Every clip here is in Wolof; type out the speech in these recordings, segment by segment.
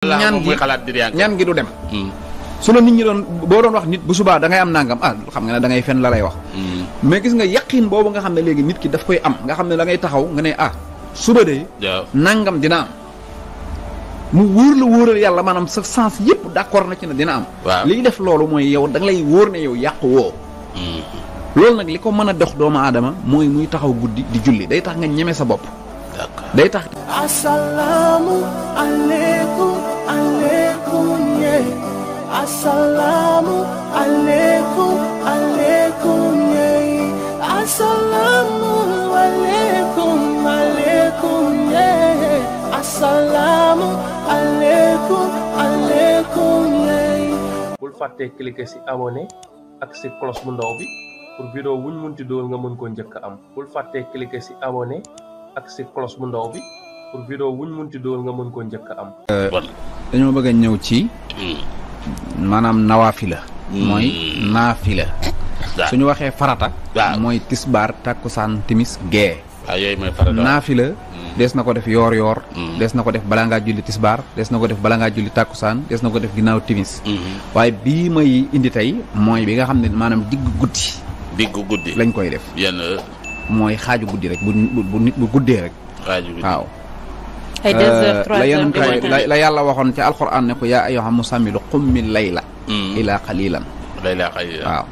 nyan gi ñaan gi du dem hmm. su nit ñi doon boo doon wax nit bu subaa da ngay am nangam ah xam nga da ngay fen la lay wax hmm. mais gis nga yaqin boobu nga xam ne nit ki daf koy am nga xam ne ngay taxaw nga ne ah suba de nangam dina am mu wóor la wóoral yàlla sa sens yépp d'accord na ci dina am def yow da ne yow hmm. dox muy taxaw guddi di julli day tax nga sa day tax alaikum ye assalamu alaikum alaikum ye assalamu alaikum alaikum ye assalamu alaikum alaikum ye bul faté cliquer ci abonné ak ci cloche bu ndaw bi pour vidéo wuñ munti dool nga mën ko ñëk am bul faté cliquer ci abonné ak ci cloche bu ndaw bi pour vidéo wuñ munti konjak nga mën ko ñëk am eh, dañu bëgg ñëw ci manam nawafila moy nafila hmm. suñu waxee farata moy tisbar takusan timis gee ah, nafila hmm. des nako def yor yor hmm. des nako def balanga julli tisbar des nako def balanga julli takusan des nako def ginaaw timis waye bi may indi tay moy bi nga xam manam maanaam digg guddi digg guddi lañ koy def yenn moy xaju guddi rek bu bu nit bu guddé rek xaju guddi waaw la yonent la yàlla waxoon ci alquran ne ko yaa ayyuha musammilu qummi layla ila qalilan layla qalilan waaw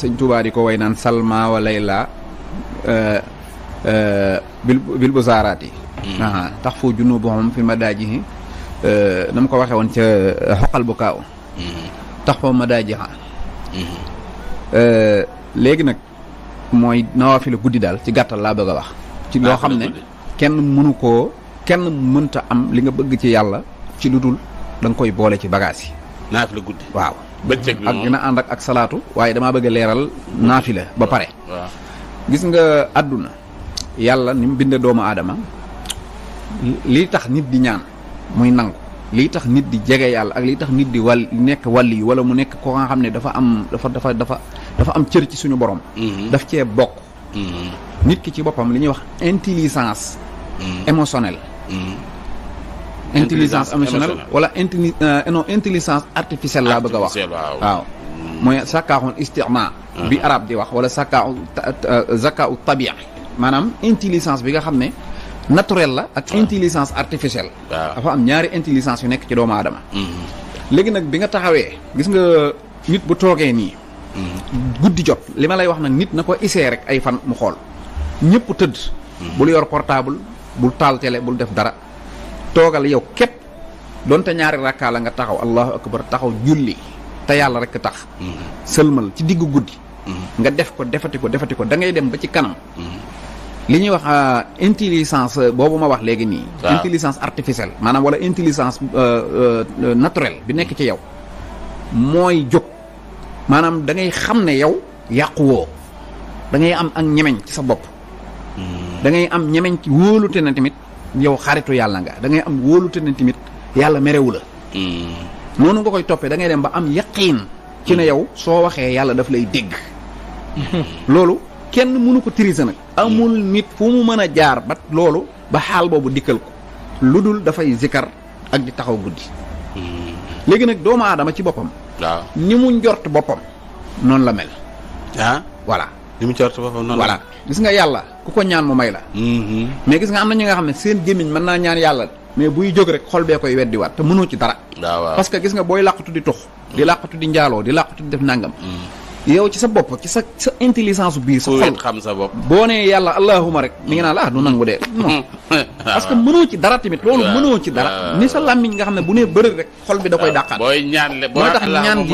sëñ Tuubaa di ko way naan salma wa layla bil bil busaaraati tax fu junubuhum fi madaajihi na mu ko waxee woon ca xoqal bu kaaw tax fa madaajiha léegi nag mooy nawaafilu guddi daal ci gàttal laa bëgg a wax ci loo xam ne kenn mënu ko kenn mënta am li nga bëgg ci yalla ci luddul dang koy bolé ci bagage yi. nafila guddé waaw. bëccëg ak dina and ak salatu waye dama bëgg léral nafila ba paré waaw gis nga aduna yalla nim bindé doomu aadama tax nit di ñaan muy nang li tax nit di jégué yalla ak li tax nit di wal nek wali wala mu nek ko nga dafa am dafa dafa dafa dafa am cër ci suñu borom. Mhm. daf ci bok mhm. nit ki ci bopam li ñuy wax intelligence. Mm-hmm. émotionnel mm-hmm. intelligence émotionnelle wala intelli euh, non intelligence artificielle laa bëgg a wax waaw mooy sakaaxun istirna bi uh-huh. arab di wax wala sakaaxu euh, zakaaxu tabia maanaam intelligence bi nga xam ne naturel la ak uh-huh. intelligence artificielle dafa am ñaari intelligence yu nekk ci doomu aadama mm-hmm. léegi nag bi nga taxawee gis nga nit bu toogee nii guddi jot li ma lay wax nag nit na ko isee rek ay fan mu xool ñëpp tëdd bul yor portable bul tal tele bul def dara togal yow don donte ñaari rakka la nga taxaw allahu akbar taxaw julli ta yalla rek tax mm-hmm. selmal ci diggu guddi mm-hmm. nga def ko defati ko defati ko da ngay dem ba ci kanam mm-hmm. liñu wax euh, intelligence euh, bobu ma wax léegi ni intelligence artificielle manam wala intelligence euh, naturelle bi nek ci yow moy jog manam da ngay xamne yow yaqwo da ngay am ak ñemeñ ci sa bop Mm. da ngay am ñemeñ ci wóolute na tamit yow xaritu yàlla nga dangay am wóolute na tamit yàlla merewu la. Mm. noonu nga koy toppee da ngay dem ba am yaqiin ci ne mm. yow soo waxee yàlla daf lay dégg. loolu kenn mënu ko triser nag. amul nit fu mu mën a jaar ba loolu ba xaal boobu dikkal ko lu dul dafay sikar ak di taxaw guddi. léegi nag doomu aadama ci boppam. waaw ni mu njort boppam noonu la mel. ah voilà ni mu njort boppam noonu la voilà gis nga yalla ku ko ñaan mu may la hmm mais gis nga amna na ñi nga xam seen gémmiñ man na ñaan yalla mais buy jog rek xol be koy weddi wat te mënu ci dara parce que gis nga boy làqatu di tox di mm. làqatu di njaalo di làqatu di def nangam mm. yow ci sa bop ci sa intelligence bi sa xol xam sa bop boo nee yàlla allahuma rek mi ngi na la ah, du nangou dee parce que mënu ci dara timit lolu mënu ci dara ni sa làmmiñ nga xamne bu nee beureur rek xol bi da koy dakkal boy ñaan le boo tax ñaan gi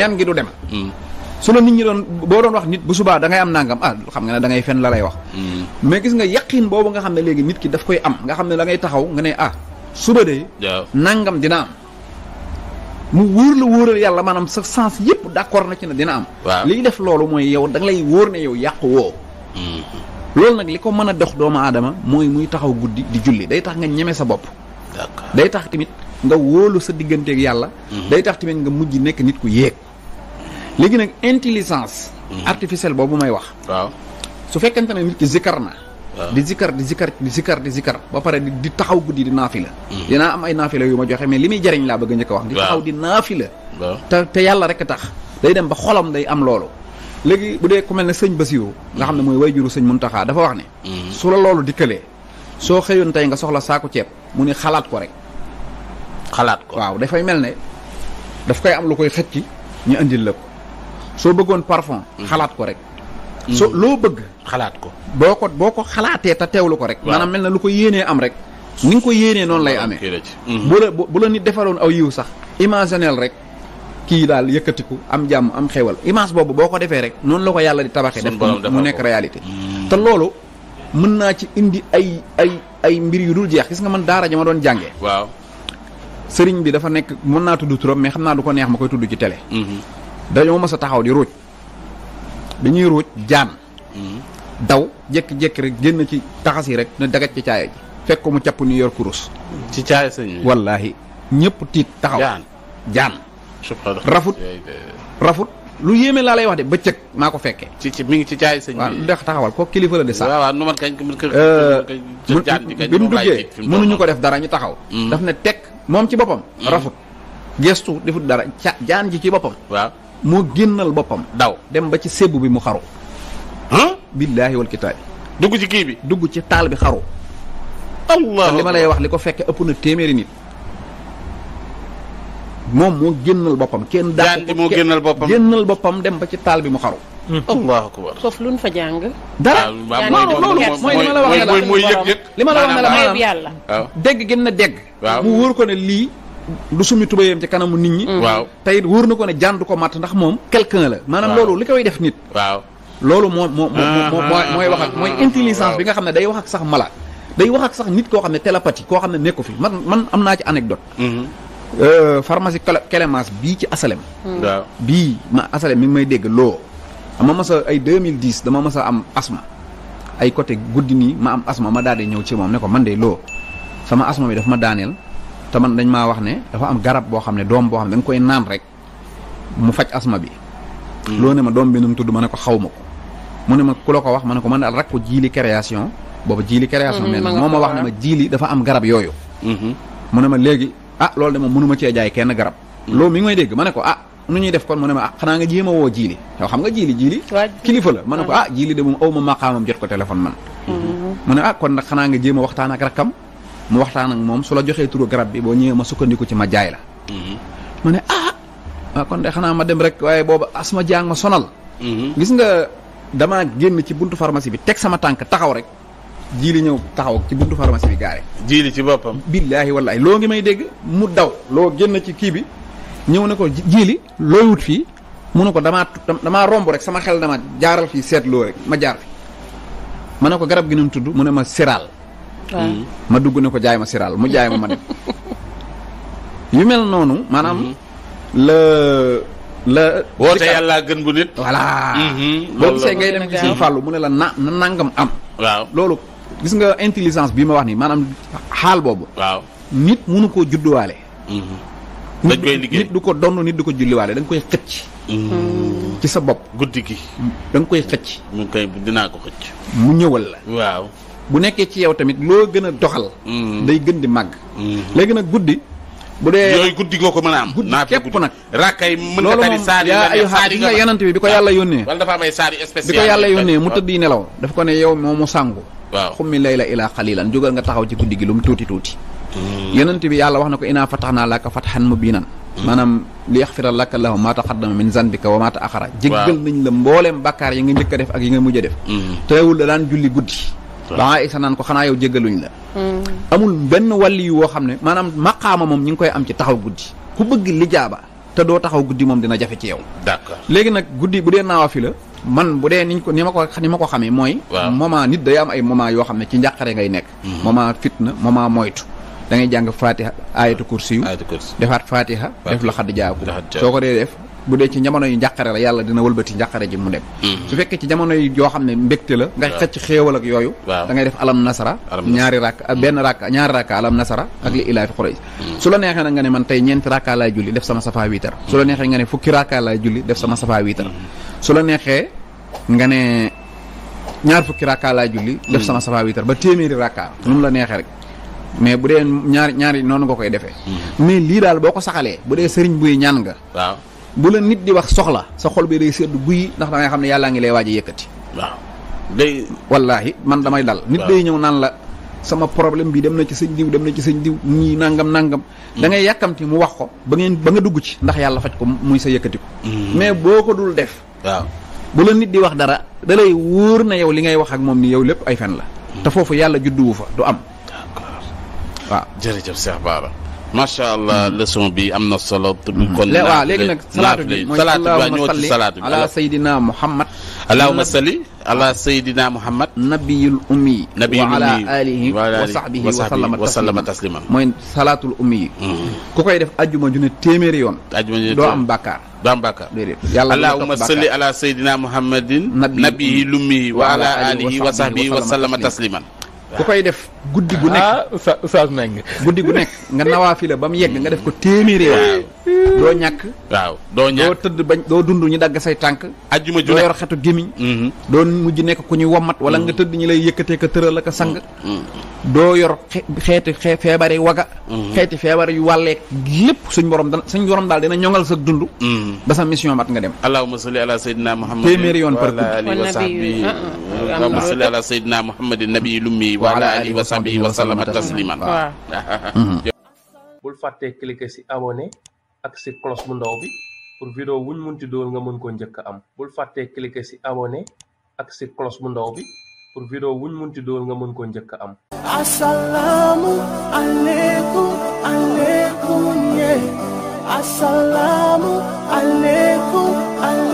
ñaan gi du dem mm. su la nit ñi doon boo doon wax nit bu subaa da ngay am nangam ah xam nga ne dangay fen la lay wax. Hmm. mais gis nga yaqin boobu nga xam ne léegi nit ki daf koy am nga xam ne da ngay taxaw nga ne ah suba dee nangam dina am. mu wóor la wóoral yàlla maanaam sa sens yëpp d'accord na ci na dina am. waaw li def loolu mooy yow danga lay wóor ne yow yàqu woo. Hmm. loolu nag li ko mën a dox doomu aadama mooy muy taxaw guddi di julli day tax nga ñeme sa bopp. day tax tamit nga wóolu sa digganteeg yàlla. Hmm. day tax tamit nga mujj nekk nit ku yéeg. léegi nag intelligence mhm. artificielle boobu may wax waaw su fekkente ne nit na di zikkar di zikkar di zikkar di ba pare di taxaw guddi di naafila mhm. dinaa am ay naafila yu ma joxe mais li muy jariñ laa bëgg njëkk a wax di taxaw di naafila te te yàlla rek tax day dem ba xolam day am loolu léegi bu dee ku ne sëñ Basiru nga xam ne mhm. mooy wayjuru sëñ Muntaxa dafa wax ne su la loolu dikkalee soo xëyoon tey nga soxla saako ceeb mu ne xalaat ko rek xalaat ko waaw dafay mel ne daf koy am lu koy xëcc ñu indil la ko soo bëggoon parfum. Mm-hmm. xalaat ko rek. Mm-hmm. so loo bëgg. xalaat ko boo ko boo ko xalaatee te teew teewlu ko rek. maanaam mel na lu ko yéenee am rek. ni ko yéenee noonu lay amee. Mm-hmm. bu la bu la nit defaroon aw yiw sax. imaginel rek kii daal yëkkatiku am jàmm am xewal image boobu boo ko defee rek. noonu la ko yàlla di tabaxee. def ko mu nekk réalité. te loolu mën naa ci indi ay ay ay mbir yu dul jeex gis nga man daara ja ma doon jàngee. waaw sëriñ bi dafa nekk mën naa tudd turam mais xam naa du ko neex ma koy tudd ci télé. dañoo mësa taxaw di ruuj bi ñuy ruuj jaan hmm. daw jek jek rek genn ci taxasi rek na dagat ci caaya ji fekk mu capp new york rus ci caaya sëñ wallahi ñepp ti taxaw jaan jaan rafut rafut lu yeme la lay wax de bëccëg mako fekke ci ci mi ngi ci caay sëñ bi ndax taxawal ko kilifa la de sax wa nu man kañ ko euh, bi mu duggee mënuñu ko def dara ñu taxaw hmm. daf na tek mom ci bopam hmm. rafut gestu defut dara jaan ji ci bopam wa mo gennal bopam daw dem ba ci sébb bi mu xaru billahi wal kitab duggu ci ki bi duggu ci tal bi xaru allah li ma lay wax liko fekke ëpp na téeméeri nit mom mo gennal bopam ken dàq ko moo génnal boppam génnal boppam dem ba ci tal bi mu xaru allah akbar foofu luñ fa jang dara loolu loolu mooy li la wax la mooy yëg yëg li ma la wax ne la deg gën na deg mu wor ko ne li du sumi tubayam ci kanamu nit ñi. Mm. waaw tey wóor na ko ne jaan ko matt ndax moom quelqu'un la. maanaam loolu li koy def nit. waaw loolu moo moo moo ah. mooy wax ak mooy ah. intelligence bi nga xam ne day wax ak sax mala day wax ak sax nit koo xam ne télépathie koo xam ne nekku fii man man am naa ci anecdote mm-hmm. euh, pharmacie Clémence bii ci asalem mm. bii ma asalem mi ngi may dégg loo ma mas a ay 2010 dama mas a am asma ay côté guddi nii ma am asma ma daal di ñëw ci moom ne ko man de loo sama asma bi daf ma daaneel te man dañ maa wax ne dafa am garab boo xam ne doom boo xam ne dañ koy naan rek mu faj asma bi. Hmm. loo ne ma doom bi nu mu tudd ma ne ko xaw ma ko. mu ne ma la ko wax ma ne ko man daal rakku jiili création boobu jiili création. nee hmm, na moo ma wax ne ma jiili am garab yooyu. Hmm. mu ma léegi ah loolu de moom mënu ma cee jaay kenn garab. loo mi ngi dégg ma ne ko ah nu ñuy def kon mu ne ma ah xanaa nga jéem a woo jiili yow xam nga jiili jiili. kilifa la ma ne ko ah jiili de moom aw ma maqaamam jot ko téléphone man. mu ne ah kon nag xanaa nga jéem a waxtaan ak rakkam mu waxtaan ak mom su la joxe turu garab bi bo ñëwee ma sukkandiku ci ma jaay la. Mm-hmm. ma ah, ah kon de xana ma dem rek waye bobu asma jang ma sonal. Mm-hmm. gis nga dama genn ci buntu pharmacie bi tek sama tank taxaw rek jiili ñew taxaw ci buntu pharmacie bi gaare. jiili ci bopam billahi wallahi lo ngi may deg mu daw lo genn ci ki bi ñew na ko jiili loo wut fi mu ne ko dama damaa rek sama xel dama jaaral set lo rek ma jaar fi manako ko garab gi nu tuddu mu ne ma seral Hmm. ma dugg ne ko jaay ma siraal mu jaay ma ma dem yu mel noonu maanaam hmm. la la woote yàllaa gën bu nit voilà hmm. boo gisee ngay dem ci suñu fàllu mu ne la na na nangam am waaw loolu gis nga intelligence bi ma wax nii maanaam xaal boobu waaw nit mënu koo judduwaale koy nit du ko donn nit du ko julliwaale da koy xëcc ci sa bopp guddi gi da koy xëcc mu koy dinaa ko xëcc mu ñëwal la waaw bu nekkee ci yow tamit loo gën a doxal. Mm. day gën di màgg. Mm-hmm. léegi nag guddi. bu dee yooyu guddi goo ko mën a am. naa ko képp nag. rakkay mën nga tari saar yi nga yónnee. wala dafa am ay saar yu spécial bi ne yow moo mu sàngu. waaw xummi layla ilaa xalilan jógal nga taxaw ci guddi gi lu mu tuuti tuuti. Mm. yonent bi yàlla wax na ko inaa fataxnaa laka fatxan mubiinan mm. maanaam li yaxfira laka lahu maa taqaddama min zanbika wa maa taaxara jéggal nañ la mbooleem bàkkaar yi nga njëkk a def ak yi nga mujj a def teewul da daan julli guddi daa isa naan ko xanaa yow jéggaluñ la hmm. amul benn walli yu woo xam ne maanaam maqaama moom ñi ngi koy am ci taxaw guddi ku bëgg lijaaba te doo taxaw guddi moom dina jafe ci yow d'accord léegi nag guddi bu dee naawa fi la man bu dee niñ ko ni ma ko ni ma ko xamee mooy moment nit day am ay moment yoo xam ne ci njàqare ngay nekk hmm. moment fitna moment moytu da ngay jàng fatiha ayatu kursi yu defaat fatiha def la xadd jaaku soo ko dee def bu dee ci jamono yu njàqare la yalla dina wëlbati njàqare ji mu dem hmm. su fekk ci jamono yu jo xam ne la nga xëcc xéewal ak yoyu da ngay def alam nasara ñaari rak, hmm. ben rak ñaar rak alam nasara ak li ilahi quraish hmm. su la nexé nga ne man tay ñent rak la julli def sama safa wiitar su la nexé nga ne fukki rak la julli def sama safa wiitar su la nexé nga ne ñaar fukki rak la julli def sama safa wiitar ba téméri rak num la nexé rek mais bu dee ñaari ñaari noonu nga koy defee mais li dal boko saxalé sëriñ buy ñaan nga waaw bu la nit di wax soxla sa xol bi day seddu guy ndax da nga xamne yalla yàllaa ngi lay waji a day wallahi man damay dal nit day ñew nan la sama problème bi dem na ci seigne diw dem na ci seigne diw ñi nangam nangam hmm. da ngay yakamti mu wax ko ba ngeen ba nga dugg ci ndax yalla fajj ko muy sa yëkkati ko hmm. mais boko dul def waaw bu la nit di wax dara da lay wóor na yow li ngay wax ak mom ni yow lepp ay fen la hmm. fofu yalla juddu wu fa du am waaw jere Cheikh baba ما شاء الله لسون بي امنا صلوات بكل لا لكن صلاه بي صلاه على سيدنا محمد اللهم صل على سيدنا محمد نبي الامي نبي وعلى اله وصحبه وسلم وسلم تسليما موي صلاه الامي كوكاي ديف اجوما جوني تيمير يون اجوما دو ام بكار دو ام بكار اللهم صل على سيدنا محمد نبي الامي وعلى اله وصحبه وسلم تسليما ku koy def guddi gu nekk. ah sa Oustaz Mbengue. guddi gu nekk nga nawaa fi ba mu yegg nga def ko téeméeri yoon. doo ñàkk. waaw doo ñàkk tëdd bañ doo dund ñu dagg say tànk. ajjuma ju doo yor xetu gémmiñ. Mm-hmm. doo mujj nekk ku ñu wommat wala nga mm-hmm. tëdd ñu lay yëkkatee ka tëral ak a sang. Mm-hmm. doo yor xeeti feebar yi waga. xeeti feebar yu wàlleek lépp suñ borom dana suñ borom daal dina ñoŋal sa dund. ba sa mission mat nga dem. allahumma salli ala sayyidina muhammad téeméeri yoon par guddi. Ah, ah, allahumma salli ala sayyidina muhammadin nabi lummi wa ala alihi wa sahbihi wa sallama bul fàtte cliquer ci abonné. ak si cloche bu ndaw bi pour vidéo wuñ munti dool nga mën ko njëkk am bul fàttee cliquer si abonné ak si cloche bu ndaw bi pour vidéo wuñ munti dool nga mën ko njëkk am assalamu alaykum alaykum ye assalamu alaykum